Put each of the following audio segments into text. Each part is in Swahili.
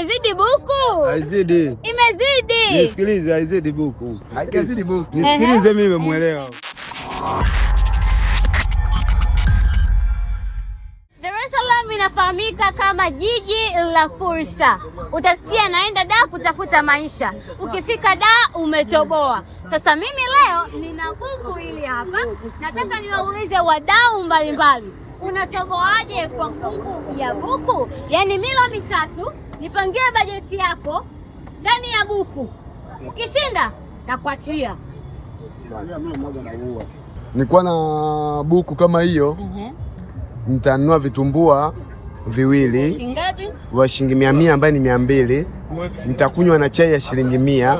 imezidi buku, haizidi, imezidi. Nisikilize, haizidi buku, haizidi buku. Nisikilize mimi, nimemwelewa inafahamika kama jiji la fursa. Utasikia naenda da kutafuta maisha, ukifika da umetoboa. Sasa mimi leo nina buku hili hapa, nataka niwaulize wadau mbalimbali, unatoboaje kwa nguvu ya buku? Yaani milo mitatu nipangie bajeti yako ndani ya buku, ukishinda nakuachia. nikuwa na buku kama hiyo, mhm. nitanunua vitumbua viwili wa shilingi mia mia ambaye ni mia mbili. Nitakunywa na chai ya shilingi mia.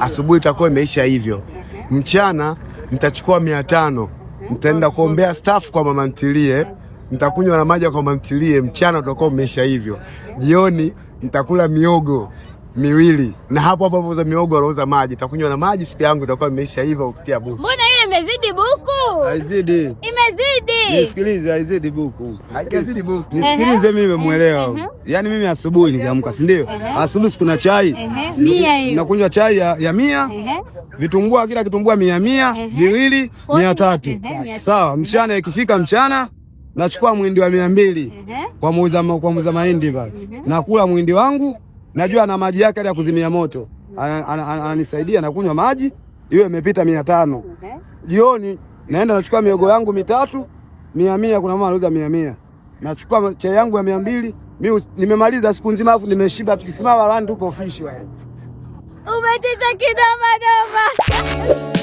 Asubuhi itakuwa imeisha hivyo. Mhm. Mchana nitachukua mia tano, nitaenda kuombea staff kwa mama ntilie nitakunywa na maji kwa mamtilie, mchana utakuwa umesha hivyo, jioni nitakula miogo miwili na hapo hapo hapo za miogo wanauza maji, takunywa na maji, sipi yangu itakuwa imeisha hivyo kupitia buku. Mbona ile imezidi buku? Haizidi. Imezidi. Nisikilize, haizidi buku. Haizidi buku. Nisikilize, mimi nimemuelewa. Yani mimi asubuhi niliamka, si ndio? Asubuhi sikuna chai. Mia hiyo. Nakunywa chai ya, ya mia. Vitumbua kila kitumbua mia mia, viwili, mia tatu. Sawa, mchana ikifika mchana nachukua mwindi wa mia mbili kwa muuza kwa muuza mahindi pale, nakula mwindi wangu, najua na maji yake ya kuzimia moto, ananisaidia nakunywa maji, hiyo imepita mia tano. Jioni naenda nachukua miogo yangu mitatu mia mia, kuna mama anauza mia mia, nachukua chai yangu ya mia mbili. Mimi nimemaliza siku nzima, afu nimeshiba. Tukisimama rani tupo fishi wewe, kidoma doma.